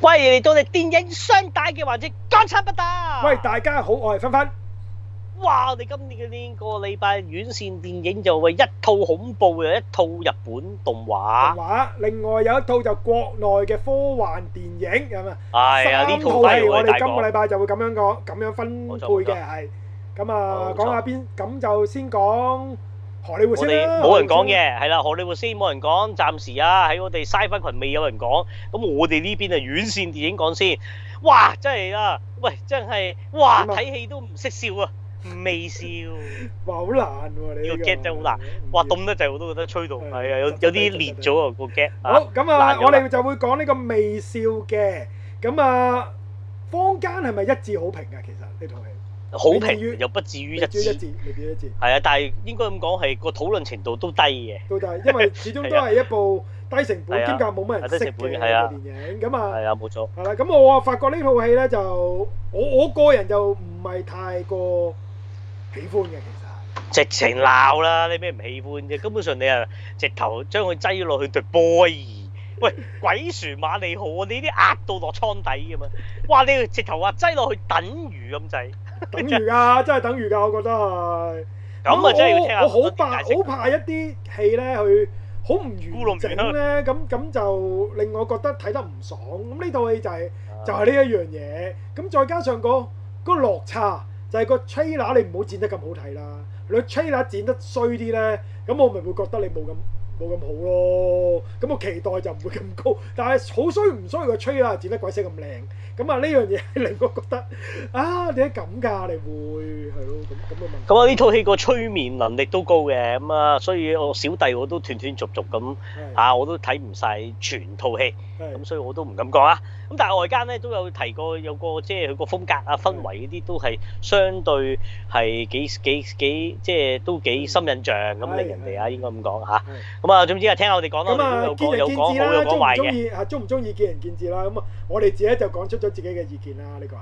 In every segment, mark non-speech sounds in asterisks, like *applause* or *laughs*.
歡迎嚟到你哋電影雙帶嘅環節，港產不打。喂，大家好，我係分分。哇，我哋今年呢個禮拜院線電影就會一套恐怖嘅，一套日本動畫。動畫，另外有一套就國內嘅科幻電影咁啊。係啊，呢、哎、呀套係我哋今個禮拜就會咁樣講，咁樣分配嘅係。咁錯啊，講錯下邊，咁就先講。荷里活先冇人講嘢，係啦，荷里活先冇人講，暫時啊喺我哋 SciFi 群未有人講，咁我哋呢邊啊遠線電影講先，哇真係啊，喂真係，哇睇戲都唔識笑啊，魅笑，哇好難喎，你個 gap 真係好難，哇凍得滯我都覺得吹到，係啊有有啲裂咗啊個 gap。好咁啊我哋就會講呢個魅笑嘅。咁啊坊間係咪一致好評啊？其實呢套戲？好評又不至於一致，未至於一致，至於一致。係啊，但係應該咁講係個討論程度都低嘅。都因為始終都係一部低成本兼夾冇乜人識嘅低成本嘅電影。係啊，冇、啊啊、錯。係啦、啊，咁我啊發覺呢套戲咧，就我我個人就唔係太過喜歡嘅，其實。直情鬧啦！你咩唔喜歡嘅？根本上你啊，直頭將佢擠落去對波兒。喂，鬼船馬利號啊！你啲壓到落倉底㗎嘛？哇！你直頭話擠落去等魚咁滯。 *laughs* 等於㗎，真係等於㗎，我覺得係。咁啊，真係我，我好怕，好 *music* 怕一啲戲咧，佢好唔完整咧。咁咁 *music* 就令我覺得睇得唔爽。咁呢套戲就係就係呢一樣嘢。咁再加上個個落差，就係個 trailer 你唔好剪得咁好睇啦。你 trailer 剪得衰啲咧，咁我咪會覺得你冇咁冇咁好咯。咁我期待就唔會咁高。但係好衰唔衰個 trailer 剪得鬼死咁靚。咁啊，呢樣嘢令我覺得啊，點解咁㗎？你會係咯，咁咁嘅問？咁啊，呢套戲個催眠能力都高嘅，咁啊，所以我小弟我都斷斷續續咁啊，我都睇唔晒全套戲，咁所以我都唔敢講啊。咁但係外間咧都有提過，有個即係佢個風格啊、氛圍嗰啲都係相對係幾幾幾，即係都幾深印象咁，令人哋啊應該咁講吓。咁啊，總之啊，聽我哋講啦，有講好有講壞嘅。中唔中意啊？中唔中意見人見智啦。咁啊，我哋自己就講出咗。自己嘅意見啦，呢個係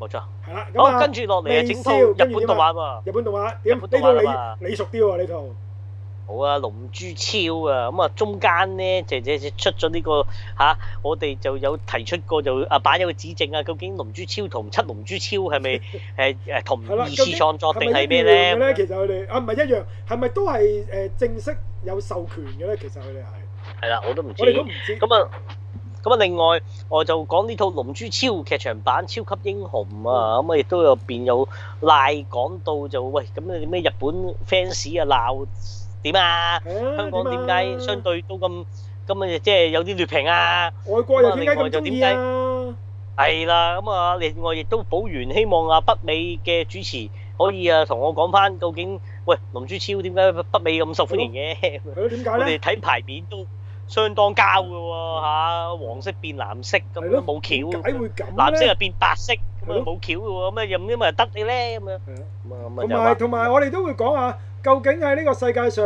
冇錯。係啦，咁跟住落嚟係整套日本動畫喎。日本動畫點？呢套你你熟啲喎，呢套。好啊，《龍珠超》啊，咁啊，中間咧就就出咗呢個吓，我哋就有提出過，就擺咗個指證啊，究竟《龍珠超》同《七龍珠超》係咪誒誒同二次創作定係咩咧？咁咧，其實佢哋啊，唔係一樣，係咪都係誒正式有授權嘅咧？其實佢哋係係啦，我都唔。我哋都唔知咁啊。咁啊，另外我就講呢套《龍珠超》劇場版《超級英雄》啊，咁啊亦都有邊有賴講到就喂，咁你哋咩日本 fans 啊鬧點啊？香港點解相對都咁咁啊？即係有啲劣評啊。外國又點解另外就點解啊？係啦，咁啊，另外亦都補完，希望啊北美嘅主持可以啊同我講翻，究竟喂《龍珠超》點解北美咁受歡迎嘅？佢點解咧？我哋睇排面都。相當膠嘅喎嚇，黃色變藍色咁樣，冇橋，藍色又變白色咁啊冇橋嘅喎，咁啊任一咪得你咧咁啊。咁埋同埋我哋都會講下，究竟喺呢個世界上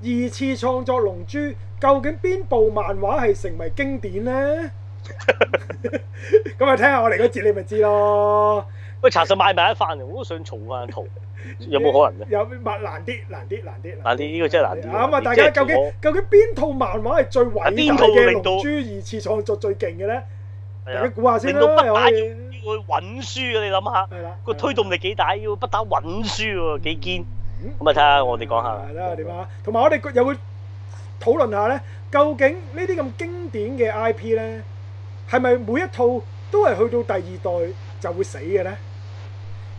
二次創作《龍珠》，究竟邊部漫畫係成為經典咧？咁啊，聽下我哋嗰節你咪知咯。喂，查實買埋一翻嘅，我都想重翻一套，有冇可能咧？有，但難啲，難啲，難啲，難啲。呢個真係難啲。啊嘛，大家究竟究竟邊套漫畫係最偉大？邊套會令到龍珠二次創作最勁嘅咧？大家估下先啦，因為要要揾書，你諗下，係啦，個推動力幾大？要不打揾書喎，幾堅？咁咪睇下我哋講下啦。係啦，點啊？同埋我哋又會討論下咧，究竟呢啲咁經典嘅 IP 咧，係咪每一套都係去到第二代就會死嘅咧？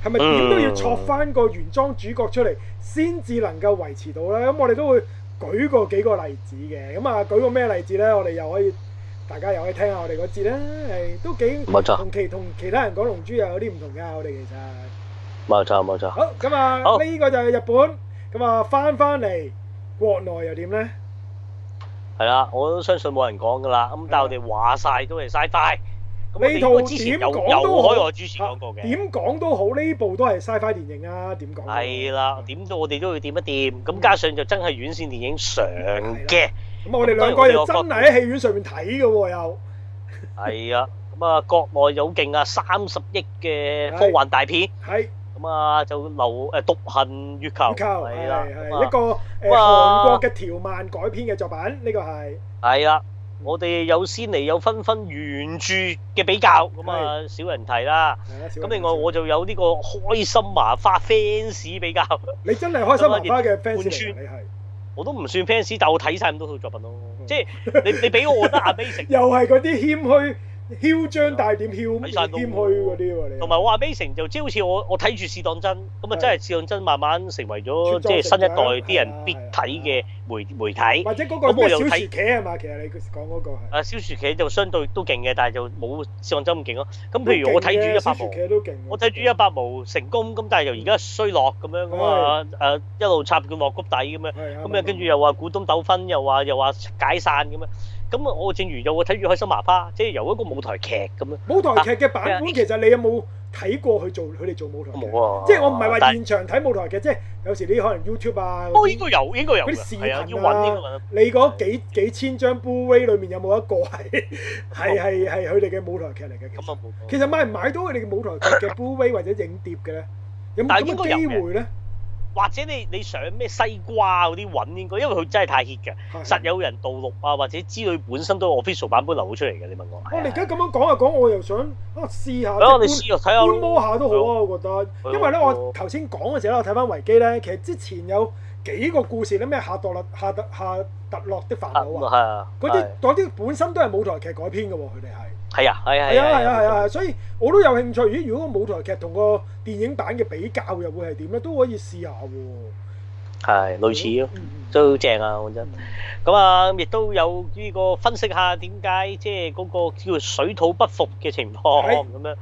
係咪點都要錯翻個原裝主角出嚟先至能夠維持到咧？咁我哋都會舉個幾個例子嘅。咁啊，舉個咩例子咧？我哋又可以，大家又可以聽下我哋個字咧，係都幾冇錯。同錯其同其他人講龍珠又有啲唔同嘅，我哋其實冇錯冇錯。錯錯好咁啊，呢好個就係日本。咁啊，翻翻嚟國內又點咧？係啦、啊，我都相信冇人講噶啦。咁但係我哋話晒都係晒快。呢套有海外主持講過嘅，點講都好，呢部都係科幻電影啊！點講？係啦，點到我哋都會點一點。咁加上就真係院線電影常嘅。咁我哋兩個又真係喺戲院上面睇嘅喎又。係啊，咁啊，國內有好勁啊，三十億嘅科幻大片。係。咁啊，就流誒《獨行月球》係啦，係一個誒韓國嘅條漫改編嘅作品，呢個係。係啦。我哋有先嚟有分分原著嘅比較，咁啊少人提啦。咁另外我就有呢個開心麻花 fans 比較。你真係開心麻花嘅 fans 著我都唔算 fans，但我睇晒咁多套作品咯。 *laughs* 即係你你俾我得阿銘 *laughs* 又係嗰啲謙虛。囂張，但係點晒謙虛嗰啲喎，同埋我話 Amazing 就即好似我我睇住試當真咁啊，真係試當真，慢慢成為咗即係新一代啲人必睇嘅媒媒體。或者嗰個叫小薯茄係嘛？其實你講嗰個係。啊，小薯茄就相對都勁嘅，但係就冇試當真咁勁咯。咁譬如我睇住一百毛，我睇住一百毛成功，咁但係又而家衰落咁樣啊嘛。一路插佢鑊谷底咁樣，咁啊跟住又話股東糾紛，又話又話解散咁樣。咁啊，我正如有我睇住《開心麻花》，即係由一個舞台劇咁樣。舞台劇嘅版本其實你有冇睇過佢做佢哋做舞台劇？冇啊！即係我唔係話現場睇舞台劇，即係有時啲可能 YouTube 啊。應該有，應該有。嗰啲視頻啦，你嗰幾幾千張 Blu-ray 裏面有冇一個係係係佢哋嘅舞台劇嚟嘅？咁啊其實買唔買到佢哋嘅舞台劇嘅 Blu-ray 或者影碟嘅咧，有冇咁嘅機會咧？或者你你上咩西瓜嗰啲揾應該，因為佢真係太 hit 嘅，實有人盜錄啊，或者知佢本身都 official 版本流到出嚟嘅。你問我，我而家咁樣講一講，我又想啊試下，即係觀觀摩下都好啊，我覺得。因為咧，我頭先講嘅時候咧，我睇翻維基咧，其實之前有幾個故事咧，咩下多落、下特、夏洛特的煩惱啊，嗰啲啲本身都係舞台劇改編嘅喎，佢哋係。係啊，係啊，係啊，係啊，係啊，所以我都有興趣。如果個舞台劇同個電影版嘅比較又會係點咧？都可以試下喎。係類似咯，都正啊，講真。咁啊，亦都有呢個分析下點解即係嗰個叫水土不服嘅情況咁樣。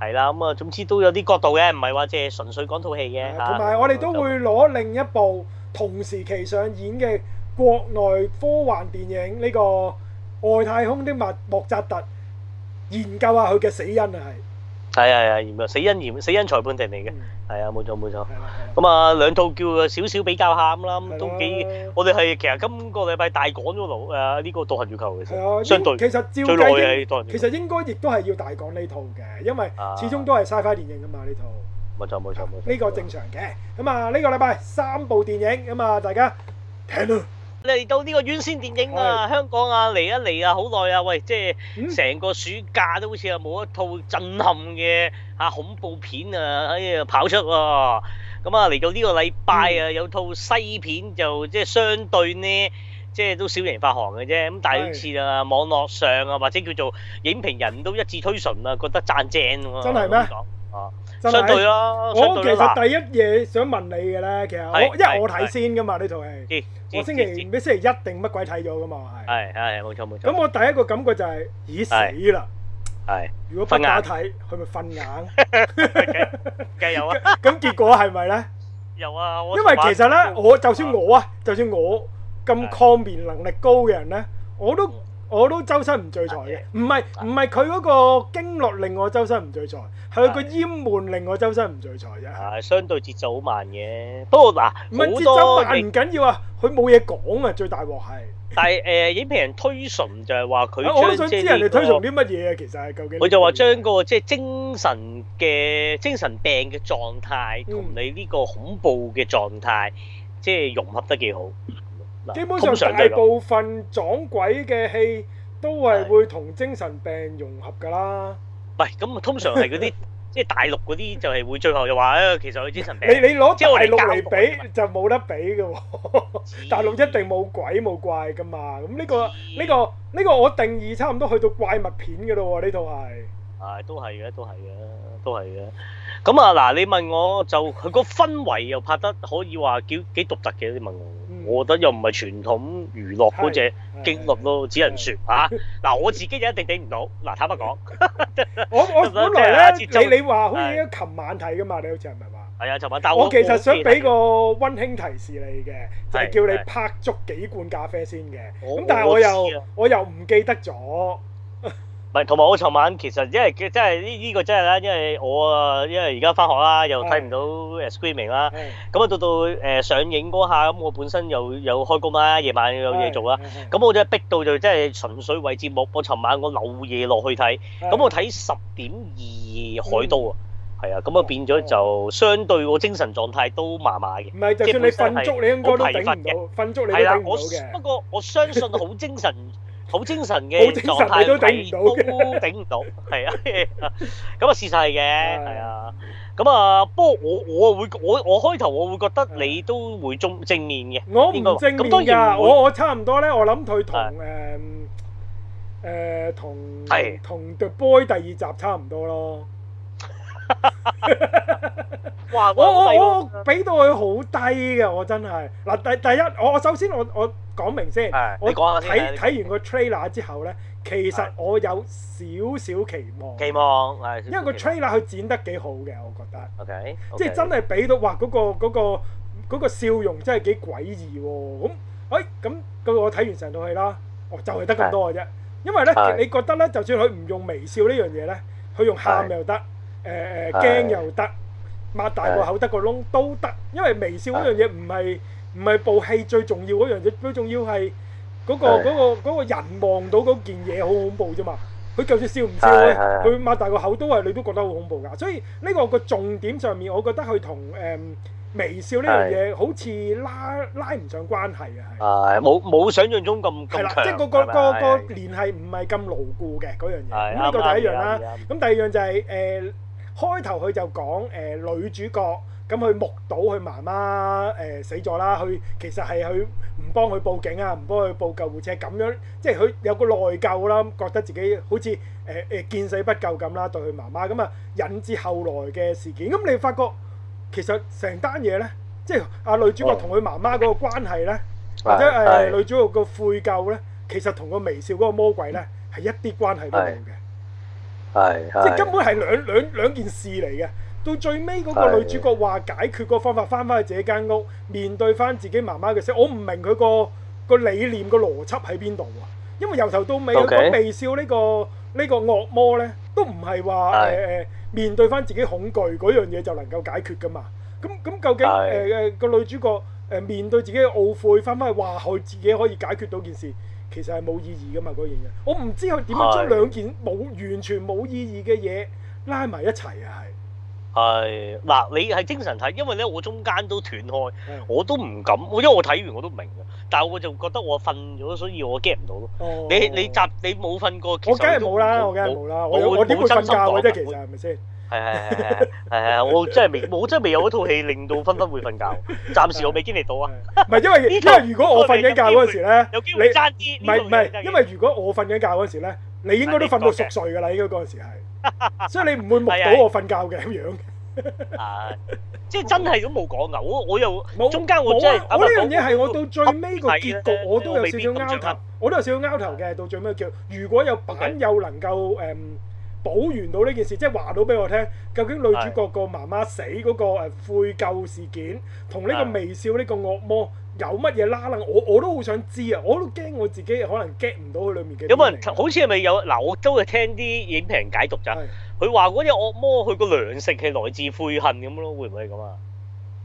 係啦，咁啊，總之都有啲角度嘅，唔係話即係純粹講套戲嘅。同埋我哋都會攞另一部同時期上演嘅國內科幻電影呢個外太空的物莫扎特。研究下佢嘅死因啊，係，係啊係啊，死因研，死因裁判庭嚟嘅，係啊，冇錯冇錯，咁啊，兩套叫少少比較下咁啦，都幾，我哋係其實今個禮拜大講嗰套，誒呢個《獨行月球》嘅，相對，其實照計應，其實應該亦都係要大講呢套嘅，因為始終都係 Sci-Fi 電影啊嘛呢套，冇錯冇錯冇錯，呢個正常嘅，咁啊呢個禮拜三部電影咁啊大家睇咯。嚟到呢個院線電影啊，香港啊嚟一嚟啊，好耐啊！喂，即係成、嗯、個暑假都好似啊冇一套震撼嘅嚇恐怖片啊，哎呀跑出喎。咁啊嚟到呢個禮拜啊，有套西片就即係相對呢，即係都小型發行嘅啫。咁但係好似啊、嗯、網絡上啊或者叫做影評人都一致推崇啊，覺得讚正喎、啊。真係咩？哦。啊相對咯，我其實第一嘢想問你嘅咧，其實我因為我睇先噶嘛呢套戲，我星期咩星期一定乜鬼睇咗噶嘛，係係係冇錯冇錯。咁我第一個感覺就係已死啦，係。如果不打睇，佢咪瞓眼。梗係有啊？咁結果係咪咧？有啊！因為其實咧，我就算我啊，就算我咁抗辯能力高嘅人咧，我都。我都周身唔聚財嘅，唔係唔係佢嗰個經絡令我周身唔聚財，係佢個閹門令我周身唔聚財啫。係、啊、相對節奏好慢嘅，不過嗱，唔係節奏慢唔緊要啊，佢冇嘢講啊，最大鑊係。但係誒，影評人推崇就係話佢，我都想知人哋推崇啲乜嘢啊，其實係究竟。佢就話將、嗰個即係、即係、精神嘅精神病嘅狀態同你呢個恐怖嘅狀態，嗯、即係融合得幾好。基本上大部分撞鬼嘅戲都係會同精神病融合噶啦。喂，咁通常係嗰啲即係大陸嗰啲就係會最後又話咧，其實佢精神病。你你攞大陸嚟比就冇得比嘅喎，大陸一定冇鬼冇怪噶嘛。咁呢個呢個呢個我定義差唔多去到怪物片噶咯，呢度係。係都係嘅，都係嘅，都係嘅。咁啊，嗱，你問我就佢個氛圍又拍得可以話幾幾獨特嘅，你問我。我覺得又唔係傳統娛樂嗰隻經歷咯，只能説嚇。嗱，我自己就一定頂唔到。嗱，坦白講，我我本來咧，你你話好似琴晚睇㗎嘛？你好似係咪話？係啊，琴晚。但係我其實想俾個溫馨提示你嘅，就係叫你拍足幾罐咖啡先嘅。咁但係我又我又唔記得咗。唔係，同埋我尋晚其實因為即係真係呢呢個真係啦，因為我啊，因為而家返學啦，又睇唔到誒、哎 Sc《Screaming》啦，咁啊到到誒上映嗰下，咁我本身又有開工啦，夜晚有嘢做啦，咁、哎、我真係逼到就真係純粹為節目。我尋晚我漏夜落去睇，咁、哎、我睇十點二《海盜》啊，係、嗯、啊、嗯，咁啊變咗就相對我精神狀態都麻麻嘅。唔係，就算你瞓足，你應該提頂嘅，瞓足你頂唔到嘅。係啦、啊，我不過我相信好精神。 *laughs* *laughs* 好精神嘅狀態都頂唔到，都頂唔到，係啊， *laughs* 咁啊事實係嘅，係啊，咁啊，不過我我會，我我開頭我會覺得你都會中正面嘅，我唔正面㗎，我我差唔多咧，我諗佢同誒誒同同 The Boy 第二集差唔多咯。我我我俾到佢好低嘅，我真係嗱。第第一，我我首先我我講明先，我睇睇完個 trailer 之後咧，其實我有少少期望，期望因為個 trailer 佢剪得幾好嘅，我覺得 OK，即係真係俾到哇！嗰個個個笑容真係幾詭異喎。咁誒咁，個我睇完成套戲啦，我就係得咁多嘅啫。因為咧，你覺得咧，就算佢唔用微笑呢樣嘢咧，佢用喊咪又得。誒誒驚又得，擘大個口得個窿都得，因為微笑嗰樣嘢唔係唔係部戲最重要嗰樣嘢，最重要係嗰個嗰個嗰個人望到嗰件嘢好恐怖啫嘛。佢就算笑唔笑咧，佢擘大個口都係你都覺得好恐怖噶。所以呢個個重點上面，我覺得佢同誒微笑呢樣嘢好似拉拉唔上關係啊。係冇冇想象中咁強，即係個個個個聯繫唔係咁牢固嘅嗰樣嘢。咁呢個第一樣啦。咁第二樣就係誒。開頭佢就講誒、呃、女主角咁佢、嗯、目睹佢媽媽誒、呃、死咗啦，佢其實係佢唔幫佢報警啊，唔幫佢報救護車咁樣，即係佢有個內疚啦，覺得自己好似誒誒見死不救咁啦，對佢媽媽咁啊，引致後來嘅事件。咁、嗯、你發覺其實成單嘢咧，即係阿、呃、女主角同佢媽媽嗰個關係咧，oh. 或者誒、呃 oh. 女主角個悔疚咧，其實同個微笑嗰個魔鬼咧係一啲關係都冇嘅。Oh. 即係根本係兩兩兩件事嚟嘅。到最尾嗰個女主角話解決個方法翻翻去自己間屋，面對翻自己媽媽嘅死，我唔明佢個個理念個邏輯喺邊度啊？因為由頭到尾，咁 Okay. 微笑呢、這個呢、這個惡魔呢，都唔係話誒誒面對翻自己恐懼嗰樣嘢就能夠解決噶嘛？咁咁究竟誒是、呃那個女主角誒、呃、面對自己嘅懊悔，翻翻去話佢自己可以解決到件事？其實係冇意義噶嘛嗰樣嘢，我唔知佢點樣將兩件冇完全冇意義嘅嘢拉埋一齊啊！係係嗱，你係精神睇，因為咧我中間都斷開，的我都唔敢，我因為我睇完我都唔明嘅，但係我就覺得我瞓咗，所以我 get 唔到咯、哦。你你集你冇瞓過？其實我梗係冇啦，我梗係冇啦，我我點會瞓覺嘅啫，其實係咪先？係係係係係我真係未，我真係未有嗰套戲令到分分會瞓覺。暫時我未經歷到啊。唔係，因為因為，如果我瞓緊覺嗰時咧，有機會爭啲。唔係唔係，因為如果我瞓緊覺嗰時咧，你應該都瞓到熟睡噶啦。應該嗰時係，所以你唔會目睹我瞓覺嘅咁樣。係，即係真係都冇講嘅。我我又冇中間我真係我呢樣嘢係我到最尾個結局我都有少少拗頭，我都有少少拗頭嘅。到最尾叫如果有朋友能夠誒。補完到呢件事，即係話到俾我聽，究竟女主角個媽媽死嗰個誒悔疚事件，同呢是的 個微笑呢個惡魔有乜嘢拉掕？是的 我我都好想知啊！我都驚我，我自己可能 get 唔到佢裡面嘅。是是有冇人好似係咪有嗱？ *laughs* 我都係聽啲影評解讀咋。佢話嗰隻惡魔佢個糧食係來自悔恨咁咯，會唔會係咁啊？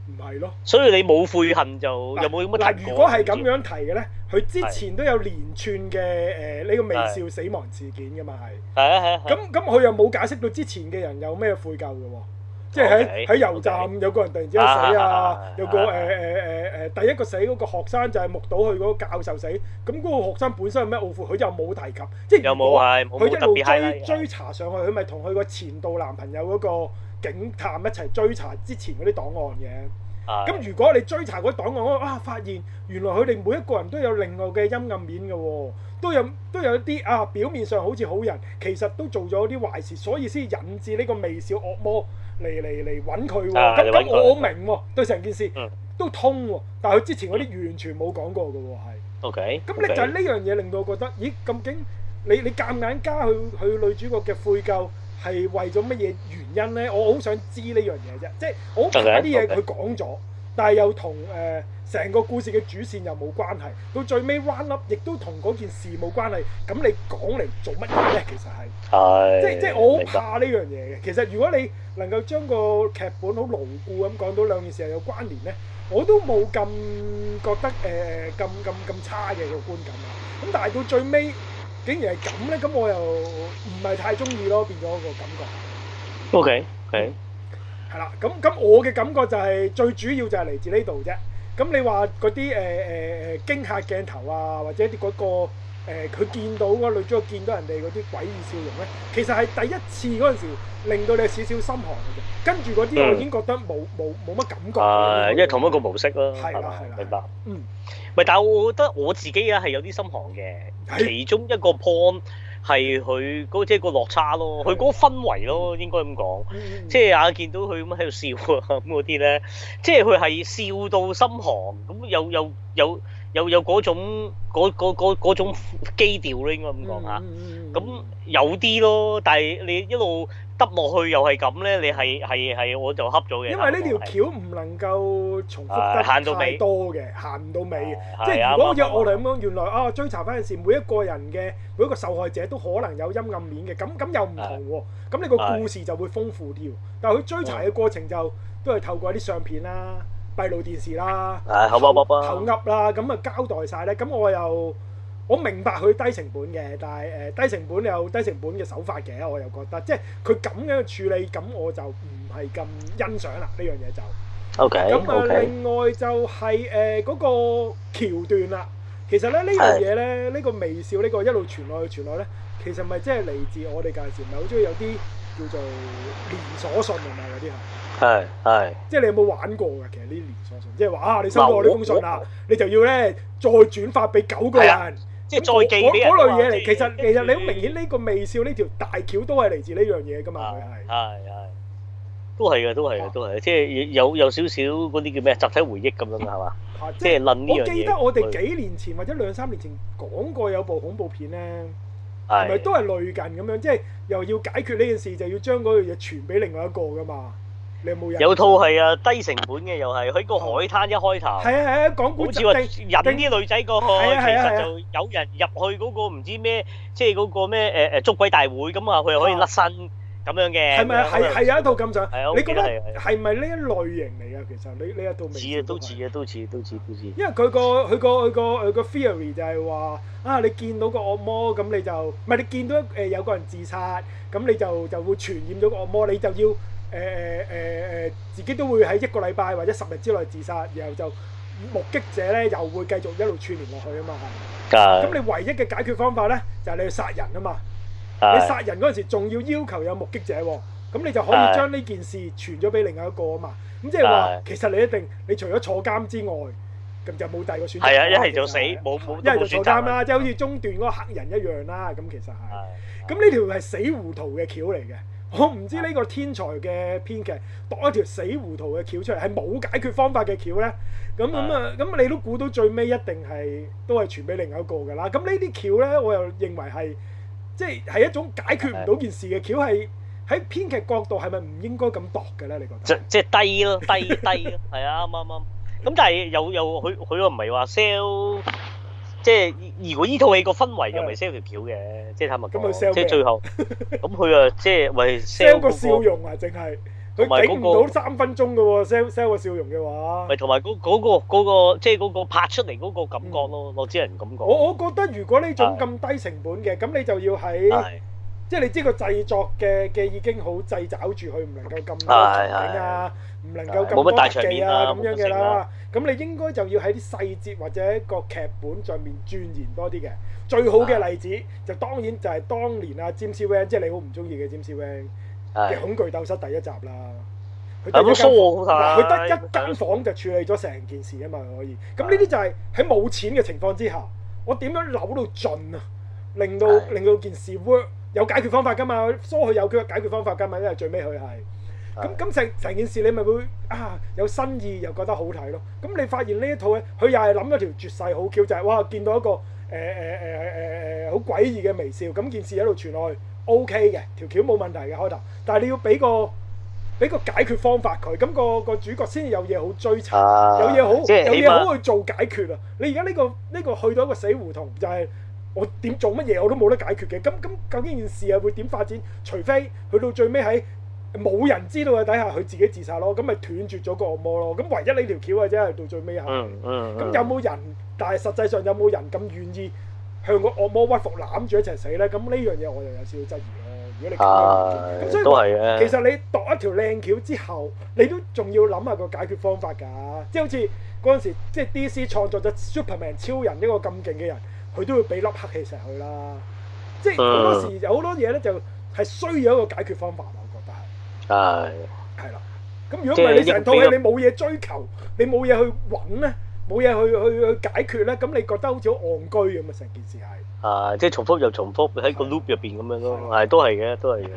唔係咯，所以你冇悔恨就又冇乜。嗱，如果係咁樣提嘅咧，佢之前都有連串嘅誒呢個微笑死亡事件嘅嘛係。係啊係。咁咁佢又冇解釋到之前嘅人有咩悔疚嘅喎，即係喺喺油站有個人突然之間死啊，有個誒誒誒誒第一個死嗰個學生就係目睹佢嗰個教授死，咁嗰個學生本身係咩懊悔，佢就冇提及。即係如果佢一路追追查上去，佢咪同佢個前度男朋友嗰個？警探一齊追查之前嗰啲檔案嘅，咁如果你追查嗰檔案嗰個啊，發現原來佢哋每一個人都有另外嘅陰暗面嘅喎，都有都有啲啊，表面上好似好人，其實都做咗啲壞事，所以先引致呢個微笑惡魔嚟嚟嚟揾佢喎。咁我好明喎，對成件事都通喎，但係佢之前嗰啲完全冇講過嘅喎係。OK，咁咧就係呢樣嘢令到我覺得，咦咁勁你你夾硬加去去女主角嘅悔疚。係為咗乜嘢原因呢？我好想知呢樣嘢啫，即係我好怕呢啲嘢佢講咗，Okay. 但係又同誒成個故事嘅主線又冇關係，到最尾彎彎亦都同嗰件事冇關係，咁你講嚟做乜嘢呢？其實係、哎，即係即係我好怕呢白樣嘢嘅。其實如果你能夠將個劇本好牢固咁講到兩件事係有關聯呢，我都冇咁覺得誒咁咁咁差嘅個觀感啊。咁但係到最尾。竟然係咁咧，咁我又唔係太中意咯，變咗個感覺。OK，係，係啦，咁咁我嘅感覺就係最主要就係嚟自呢度啫。咁你話嗰啲誒誒誒驚嚇鏡頭啊，或者啲嗰個誒佢見到嗰個女主角見到人哋嗰啲詭異笑容咧，其實係第一次嗰陣時令到你有少少心寒嘅，跟住嗰啲我已經覺得冇冇冇乜感覺。啊，因為同一個模式咯，係啦，係啦，明白，嗯。唔係，但係我覺得我自己啊係有啲心寒嘅。其中一個 point 係佢嗰即係個落差咯，佢嗰 *noise* 個氛圍咯，應該咁講。 *noise* 即係啊，見到佢咁喺度笑啊咁嗰啲咧，即係佢係笑到心寒。咁有有有有又嗰種嗰種基調咯，應該咁講嚇。咁 *noise* 有啲咯，但係你一路，揼落去又係咁呢？你係係係我就恰咗嘅。因為呢條橋唔能夠重複得太多嘅，行、啊、到尾。即係如果要、啊、我哋咁樣，原來啊追查嗰陣時，每一個人嘅每一個受害者都可能有陰暗面嘅，咁咁又唔同喎、啊。咁、啊、你個故事就會豐富啲。但係佢追查嘅過程就都係透過啲相片啦、閉路電視啦、啊、頭鴨啦，咁啊交代晒呢。咁我又。我明白佢低成本嘅，但係誒、呃、低成本有低成本嘅手法嘅，我又覺得，即係佢咁樣嘅處理，咁我就唔係咁欣賞啦。呢樣嘢就 OK。咁啊，okay. 另外就係誒嗰個橋段啦。其實咧，呢樣嘢咧，呢的個微笑，呢、這個一路傳落去傳落咧，其實咪即係嚟自我哋介紹，咪好中意有啲叫做連鎖信係咪嗰啲係係。即係的你有冇玩過嘅？其實呢啲連鎖信，即係話啊，你收到我呢封信啦，你就要咧再轉發俾九個人。即係再寄俾人咯。嗰嗰類嘢嚟，其實其實，其實你好明顯呢個微笑呢條大橋都係嚟自呢樣嘢噶嘛，係係係，都係嘅、啊，啊、都係嘅、啊，都係嘅。即係有有少少嗰啲叫咩集體回憶咁樣係嘛？即係諗呢我記得我哋幾年前或者兩三年前講過有部恐怖片咧，係咪、啊、都係類近咁樣？即、就、係、是、又要解決呢件事，就要將嗰樣嘢傳俾另外一個噶嘛。有套係啊，低成本嘅又係喺個海灘一開頭。係啊係啊，講嗰啲女仔。好似話引啲女仔過去。係啊係啊係。其實就有人入去嗰個唔知咩，即係嗰個咩誒誒捉鬼大會咁啊，佢可以甩身咁樣嘅。係咪係係有一套咁上下？係啊。你覺得係咪呢一類型嚟啊？其實你呢一套。似啊都似啊都似都似都似。因為佢個佢個佢個佢個 theory 就係話啊，你見到個惡魔咁你就唔係你見到誒有個人自殺咁你就就會傳染咗個惡魔，你就要。誒誒誒誒，自己都會喺一個禮拜或者十日之內自殺，然後就目擊者咧又會繼續一路串聯落去啊嘛。咁你唯一嘅解決方法咧，就係你要殺人啊嘛。你殺人嗰陣時，仲要要求有目擊者，咁你就可以將呢件事傳咗俾另一個啊嘛。咁即係話，其實你一定你除咗坐監之外，咁就冇第二個選擇。係啊，一係就死，冇冇一係就坐監啦，即係好似中段嗰黑人一樣啦。咁其實係，咁呢條係死糊塗嘅橋嚟嘅。我唔知呢個天才嘅編劇度一條死胡塗嘅橋出嚟，係冇解決方法嘅橋咧。咁咁啊，咁你都估到最尾一定係都係傳俾另一個㗎啦。咁呢啲橋咧，我又認為係即係係一種解決唔到件事嘅橋，係喺編劇角度係咪唔應該咁度嘅咧？你覺得？即即係低咯，低低咯，係啊， *laughs* 啱啱啱。咁但係有，有佢佢又唔係話 sell。即係如果依套戲個氛圍又唔 sell 條橋嘅，的即係睇下，即係最後，咁佢啊，即係為 sell 個笑容啊，淨係佢頂唔到三分鐘㗎喎，sell sell 個笑容嘅話，咪同埋嗰嗰個即係嗰個拍出嚟嗰個感覺咯，我只能感覺。我我覺得如果呢種咁低成本嘅，咁、嗯、你就要喺。即係你知個製作嘅嘅已經好掣爪住佢，唔能夠咁多場面啊，唔能夠咁多場面啊，咁樣嘅啦。咁你應該就要喺啲細節或者個劇本上面鑽研多啲嘅。最好嘅例子、哎、呀就當然就係當年啊 James Wan，即係你好唔中意嘅 James Wan 嘅、哎呀《恐懼鬥室》第一集啦。佢得一間房，佢得、哎哎、一間房就處理咗成件事啊嘛。可以咁，呢啲就係喺冇錢嘅情況之下，我點樣扭到盡啊？令到令到件事 work。哎呀哎有解決方法㗎嘛？梳佢有佢嘅解決方法㗎嘛？因為最尾佢係咁咁成成件事你咪會啊有新意又覺得好睇咯。咁你發現呢一套咧，佢又係諗咗條絕世好橋，就係哇見到一個誒誒誒誒誒好詭異嘅微笑。咁件事一路傳落去，OK 嘅條橋冇問題嘅開頭。但係你要俾個俾個解決方法佢，咁個個主角先至有嘢好追查，有嘢好有嘢好去做解決啊！你而家呢個呢個去到一個死胡同就係。我點做乜嘢我都冇得解決嘅，咁咁究竟件事係會點發展？除非去到最尾喺冇人知道嘅底下，佢自己自殺咯，咁咪斷絕咗個惡魔咯。咁唯一呢條橋真係，到最尾下、就係嗯。嗯咁、嗯、有冇人？但係實際上有冇人咁願意向個惡魔屈服攬住一齊死咧？咁呢樣嘢我又有少少質疑咧。如果你咁講，咁、啊、所以都其實你度一條靚橋之後，你都仲要諗下個解決方法㗎。即係好似嗰陣時，即係 DC 創作咗 Superman 超人一個咁勁嘅人。佢都會俾粒黑氣食去啦，即係好多時有好多嘢咧，就係需要一個解決方法。我覺得係，係、哎，係啦。咁如果唔係你成套戲人你冇嘢追求，你冇嘢去揾咧，冇嘢去去去解決咧，咁你覺得好似好戇居咁啊！成件事係，啊，即係重複又重複喺個 loop 入邊咁樣咯，係的、啊、都係嘅，都係嘅。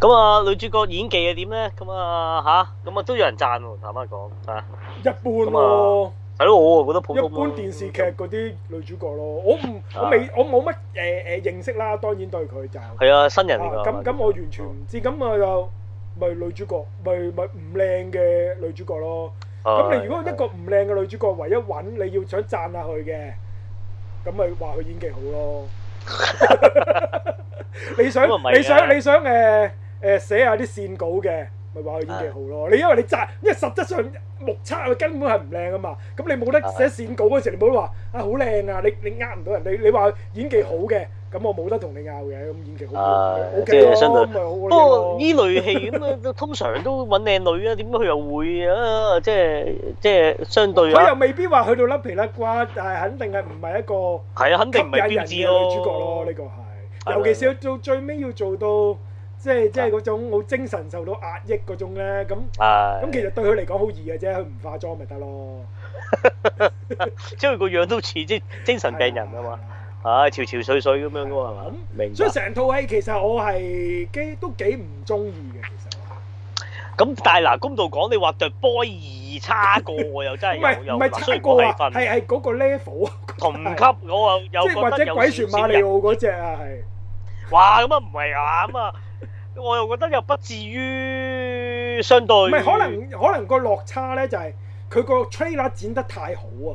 咁啊的、呃，女主角演技係點咧？咁啊吓，咁啊都有人讚喎，坦白講啊，一般喎那。係咯，我覺得普通一般電視劇嗰啲女主角咯，我唔我未我冇乜誒誒認識啦，當然對佢就係啊新人嚟㗎。咁咁我完全唔知，咁啊就咪女主角咪咪唔靚嘅女主角咯。咁你如果一個唔靚嘅女主角，唯一揾你要想讚下佢嘅，咁咪話佢演技好咯。你想你想你想誒誒寫下啲線稿嘅。咪話佢演技好咯，你因為你扎，因為實質上目測佢根本係唔靚啊嘛，咁你冇得寫線稿嗰時，你唔好話啊好靚啊，你你呃唔到人哋，你話演技好嘅，咁我冇得同你拗嘅，咁演技好嘅，O K 咯。不過呢類戲咁通常都揾靚女啊，點解佢又會啊？即係即係相對啊。佢又未必話去到甩皮甩瓜，但係肯定係唔係一個吸引人嘅女主角咯？呢個係，尤其是到最尾要做到。即係即係嗰種好精神受到壓抑嗰種咧，咁咁其實對佢嚟講好易嘅啫，佢唔化妝咪得咯，即係佢個樣都似啲精神病人啊嘛，啊，潮潮水水咁樣噶嘛，明，所以成套戲其實我係幾都幾唔中意嘅，其實。咁但係嗱，公道講你話 The Boy 2差過我又真係又又雖然講係係係嗰個 level 同級，我又又覺得有少少似人。即係或者鬼船馬利奧嗰隻啊，係，哇咁啊唔係啊咁啊。我又覺得又不至於相對於，唔係可能可能個落差咧就係、是、佢個 trailer 剪得太好啊，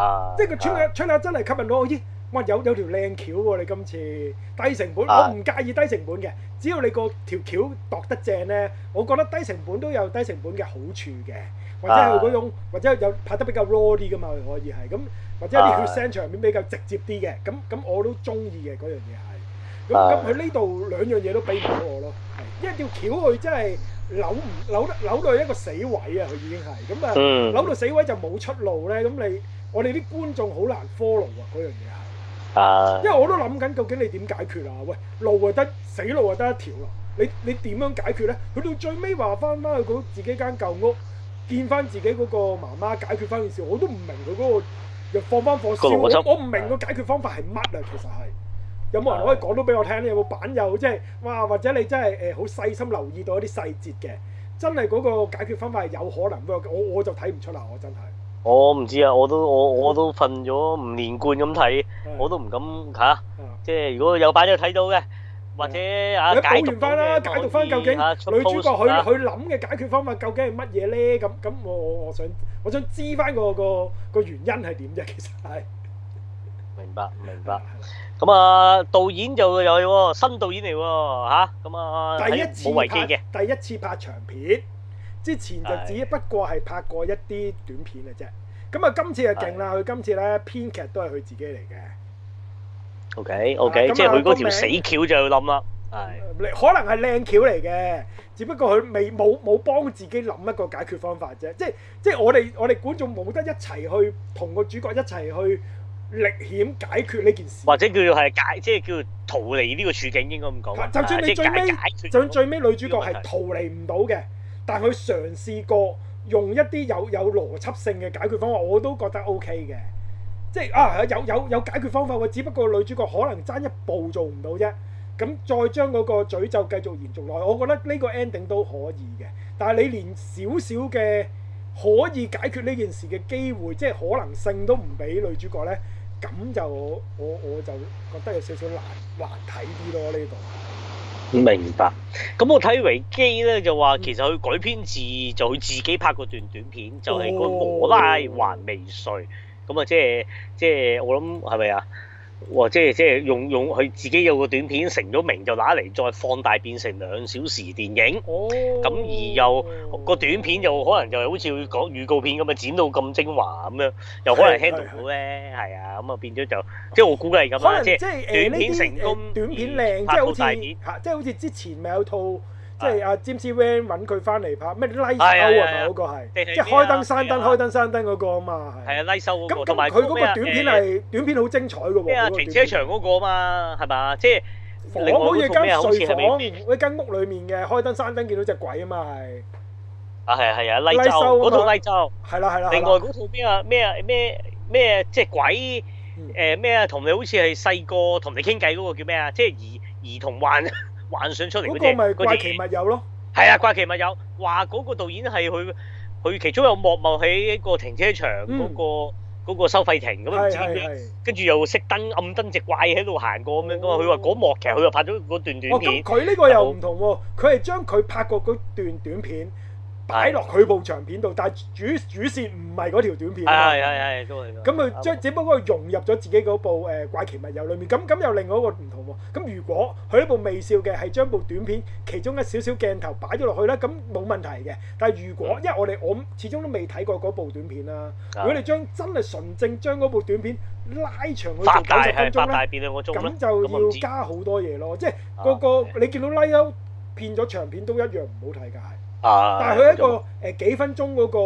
啊即係個 trailer 真係吸引到我：「咦，哇有有條靚橋喎你今次低成本，啊、我唔介意低成本嘅，只要你個條橋度得正咧，我覺得低成本都有低成本嘅好處嘅，或者係嗰種、啊、或者有拍得比較 raw 啲噶嘛，佢可以係咁，或者啲血腥場面比較直接啲嘅，咁咁、啊啊、我都中意嘅嗰樣嘢係。咁咁佢呢度兩樣嘢都俾唔到我咯，因為條橋佢真係扭唔扭得扭，扭到一個死位啊！佢已經係咁啊，嗯、扭到死位就冇出路咧。咁你我哋啲觀眾好難 follow 啊嗰樣嘢係，嗯、因為我都諗緊究竟你點解決啊？喂，路就得死路就得一條咯，你你點樣解決咧？去到最尾話翻翻去自己間舊屋，見翻自己嗰個媽媽，解決翻件事，我都唔明佢嗰、嗰個又放翻火燒，我唔明個解決方法係乜啊！其實係。有冇人可以講到俾我聽咧？有冇版友即係哇，或者你真係誒好細心留意到一啲細節嘅，真係嗰個解決方法係有可能喎。我我就睇唔出啊，我真係。我唔知啊，我都我我都瞓咗，唔連貫咁睇，我都唔敢嚇。即係如果有版友睇到嘅，或者啊解，你講完翻啦，解讀翻究竟女主角佢佢諗嘅解決方法究竟係乜嘢咧？咁咁，我我我想我想知翻個個個原因係點啫？其實係。明白，明白。咁啊，導演就有係新導演嚟喎，嚇咁啊，冇違忌嘅。第一次，第一次拍長片，之前就只不過係拍過一啲短片嘅啫。咁啊，今次就勁啦！佢的今次咧編劇都係佢自己嚟嘅。O K O K，即係佢嗰條死橋命就要諗啦。係，可能係靚橋嚟嘅，只不過佢未冇冇幫自己諗一個解決方法啫。即係即係我哋我哋觀眾冇得一齊去同個主角一齊去。力險解決呢件事，或者叫做係解，即係叫逃離呢個處境，應該咁講。就算你最尾，解解決就算最尾女主角係逃離唔到嘅，但佢嘗試過用一啲有有邏輯性嘅解決方法，我都覺得 OK 嘅。即係啊，有有有解決方法，只不過女主角可能爭一步做唔到啫。咁再將嗰個詛咒繼續延續落去，我覺得呢個 ending 都可以嘅。但係你連少少嘅可以解決呢件事嘅機會，即係可能性都唔俾女主角咧。咁就我我就覺得有少少難難睇啲咯呢度。明白。咁我睇維基咧就話其實佢改編自、嗯、就佢自己拍過段短片，就係、是那個羅拉還未睡。咁啊，即係即係我諗係咪啊？即係即係用用佢自己有個短片成咗名，就拿嚟再放大變成兩小時電影。咁、哦、而又、個短片又可能就好似會講預告片咁樣，剪到咁精華咁樣，又可能聽到咧，係啊的，咁啊的變咗就即係我估計咁啊，即係短片成功，短片靚，拍到大片，嚇，即係好似之前咪有套。因為阿 James Wan 揾佢翻嚟拍咩拉修啊嘛，嗰個係，即係開燈閂燈開燈閂燈嗰個啊嘛，係。係啊，拉修嗰個同埋咩啊？咁咁佢嗰個短片係短片好精彩噶喎。咩啊？停車場嗰個啊嘛，係嘛？即係房好似間睡房，一間屋裏面嘅開燈閂燈見到隻鬼啊嘛，係。啊係啊係啊，拉修嗰套拉修。係啦係啦。另外嗰套咩啊咩啊咩咩即係鬼誒咩啊同你好似係細個同你傾偈嗰個叫咩啊？即係兒兒童幻。幻想出嚟嗰隻，咪怪奇物有咯。係啊，怪奇物有話嗰個導演係佢，佢其中有幕幕喺一個停車場嗰、嗰個嗯、個收費亭咁樣，跟住、嗯、又熄燈暗燈隻怪喺度行過咁樣噶嘛。佢話嗰幕其實佢又拍咗段短片。佢呢、哦、個又唔同喎、啊，佢係將佢拍過嗰段短片。擺落佢部長片度，但係主主線唔係嗰條短片啊！咁佢將只不過融入咗自己嗰部誒怪奇物遊裡面，咁咁又另外一個唔同喎。咁如果佢呢部魅笑嘅係將部短片其中一少少鏡頭擺咗落去呢，咁冇問題嘅。但係如果、嗯、因為我哋我始終都未睇過嗰部短片啦，嗯、如果你將真係純正將嗰部短片拉長去做九十分鐘咧，咁就要加好多嘢咯。啊、即係個個你見到拉優變咗長片都一樣唔好睇㗎。啊、但係佢一個誒、嗯、幾分鐘嗰個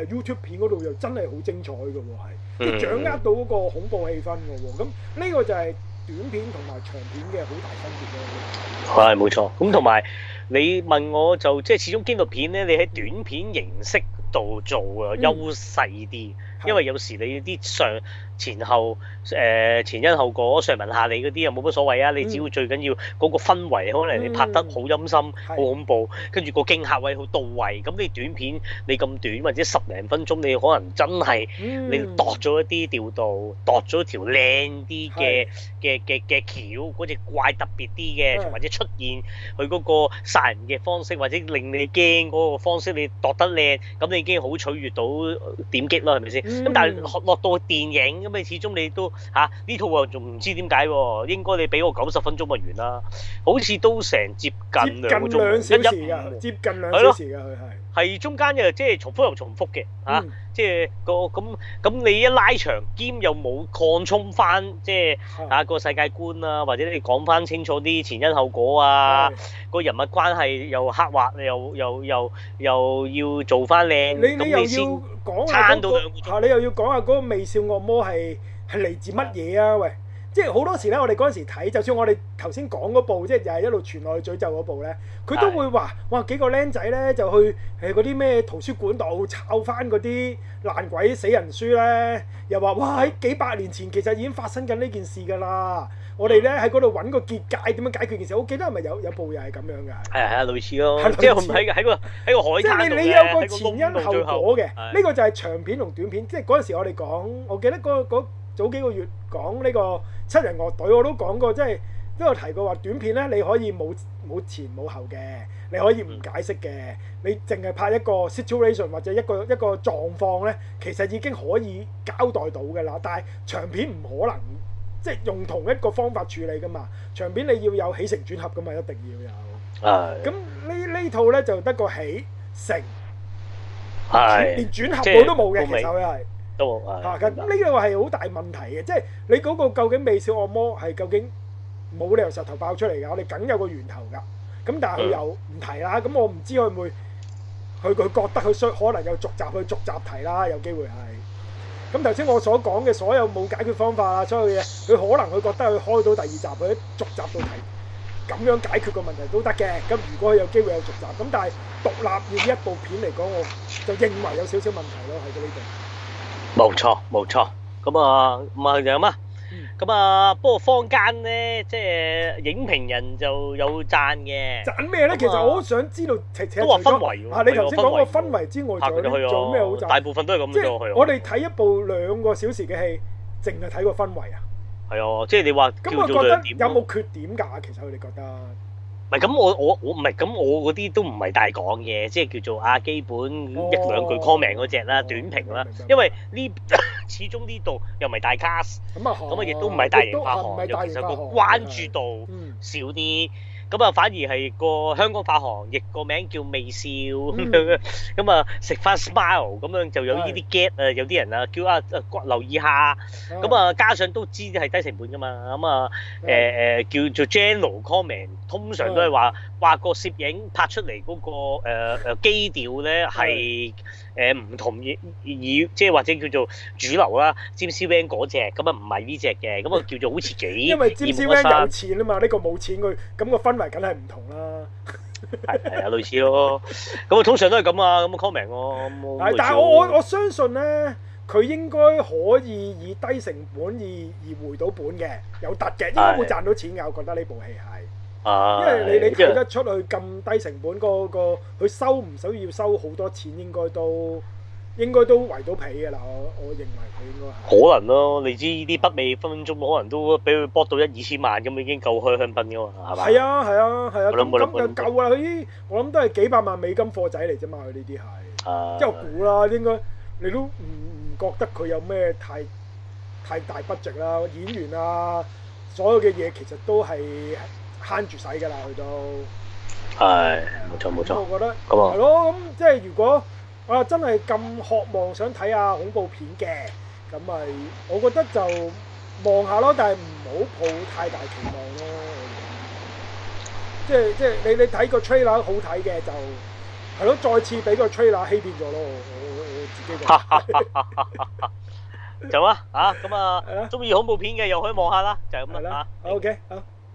YouTube 片嗰度又真係好精彩嘅喎，係即係掌握到嗰個恐怖氣氛嘅喎，咁呢、嗯、個就係短片同埋長片嘅好大分別咯、嗯。係冇錯，咁同埋你問我就即係始終兼個片驚慄片咧，你喺短片形式度做啊優勢啲。嗯。因為有時你啲上前後誒、呃、前因後果上文下理嗰啲又冇乜所謂啊！你只要最緊要嗰、嗯、個氛圍，可能你拍得好陰森、好、嗯、恐怖，跟住個驚嚇位好到位，咁你短片你咁短或者十零分鐘，你可能真係你度咗一啲調度，度咗條靚啲嘅嘅嘅嘅橋，好、那、似、個、怪特別啲嘅，嗯、或者出現佢嗰個殺人嘅方式，或者令你驚嗰個方式，你度得靚，咁你已經好取悅到點擊啦，係咪先？咁、嗯、但係落落到電影咁，你始終你都嚇呢、啊、套喎，仲唔知點解喎？應該你俾我九十分鐘咪完啦，好似都成接近兩個鐘，一陣接近兩小時㗎，係咯，佢係中間嘅，即係重複又重複嘅嚇。嗯即係個咁咁，你一拉長兼又冇擴充翻，即係、嗯、啊、個世界觀啊，或者你講翻清楚啲前因後果啊，個人物關係又刻畫又又又又要做翻靚，咁你先，你撐到兩個鐘。你又要講下嗰個微笑惡魔係係嚟自乜嘢啊？喂！即係好多時咧，我哋嗰陣時睇，就算我哋頭先講嗰部，即係又係一路傳落去詛咒嗰部咧，佢都會話：哇幾個僆仔咧就去誒嗰啲咩圖書館度抄翻嗰啲爛鬼死人書咧，又話哇喺幾百年前其實已經發生緊呢件事㗎啦！我哋咧喺嗰度揾個結界點樣解決件事？我記得係咪有有部又係咁樣㗎？係係啊，類似咯，係唔喺喺個喺個海即係你你有個前因後果嘅，呢個，個就係長片同短片。的即係嗰陣時我哋講，我記得嗰、嗰、嗰、個。早幾個月講呢個七人樂隊，我都講過，即係都有提過話短片咧，你可以冇冇前冇後嘅，你可以唔解釋嘅，你淨係拍一個 situation 或者一個一個狀況咧，其實已經可以交代到嘅啦。但係長片唔可能即係用同一個方法處理噶嘛，長片你要有起承轉合噶嘛，一定要有。誒。咁呢呢套咧就得個起承，係連轉合佢都冇嘅，其實佢係。嚇！咁呢個係好大問題嘅，即係你嗰個究竟微笑按摩係究竟冇理由石頭爆出嚟㗎，我哋梗有個源頭㗎。咁但係佢又唔提啦。咁我唔知佢會唔會，佢佢覺得佢衰，可能有續集，佢續集提啦，有機會係。咁頭先我所講嘅所有冇解決方法啊，所有嘢，佢可能佢覺得佢開到第二集，佢喺續集度提，咁樣解決個問題都得嘅。咁如果佢有機會有續集，咁但係獨立要呢一部片嚟講，我就認為有少少問題咯，喺到呢度。冇錯冇錯，咁啊唔係仲有咩？咁啊不過坊間咧，即係影評人就有讚嘅。讚咩咧？其實我好想知道，都話氛圍你頭先講個氛圍之外，仲有咩好讚？大部分都係咁樣做落去。我哋睇一部兩個小時嘅戲，淨係睇個氛圍啊？係啊，即係你話叫做點？咁我覺得有冇缺點㗎？其實佢哋覺得。唔係，咁我我我唔係，咁我嗰啲都唔係大講嘢，即係叫做啊，基本一兩句 comment 嗰隻啦，短評啦，因為呢始終呢度又唔係大 cast，咁啊亦都唔係大型發行，又其實個關注度少啲。嗯咁啊，反而係個香港發行，亦個名叫微笑咁、嗯、樣。咁啊，食翻 Smile 咁樣就有呢啲 get 啊的，有啲人啊叫啊，留意下。咁啊的，加上都知係低成本㗎嘛。咁、嗯、啊，誒誒的叫做 general comment，通常都係話話個攝影拍出嚟嗰、那個誒、呃、基調咧係。誒唔、呃、同以以即係或者叫做主流啦，James Wan 嗰隻咁啊唔係呢隻嘅，咁啊叫做好似幾 *laughs* 因為 James Wan、嗯、有錢啊嘛，呢、呢個冇錢佢咁、那個氛圍梗係唔同啦。係係啊，類似咯。咁啊通常都係咁啊，咁、那個、comment 咯，但係我我我相信咧，佢應該可以以低成本而而回到本嘅，有突嘅，應該會賺到錢嘅，的我覺得呢部戲係。啊、因為你你睇得出去咁低成本，嗰個佢收唔使要收好多錢，應該都應該都圍到皮嘅啦。我我認為佢應該係可能咯、啊。你知呢啲北美分分鐘可能都俾佢博到一二千萬咁，已經夠開香檳噶嘛，係嘛？係啊，係啊，係啊。我諗咁就夠啦。咦，我諗都係幾百萬美金貨仔嚟啫嘛。佢呢啲係即係估啦，應該你都唔唔覺得佢有咩太太大不值啦。演員啊，所有嘅嘢其實都係。慳住使㗎啦，去到係冇錯冇錯、嗯，我覺得咁係咯。咁即係如果啊，真係咁渴望想睇下恐怖片嘅，咁咪我覺得就望下咯。但係唔好抱太大期望咯。即係即係你你睇個吹 r 好睇嘅，就係、是、咯，再次俾個吹 r 欺騙咗咯。我自己就走啦嚇，咁 *laughs* *laughs* *laughs* 啊中意、啊、恐怖片嘅又可以望下啦，就係咁啦嚇。O K。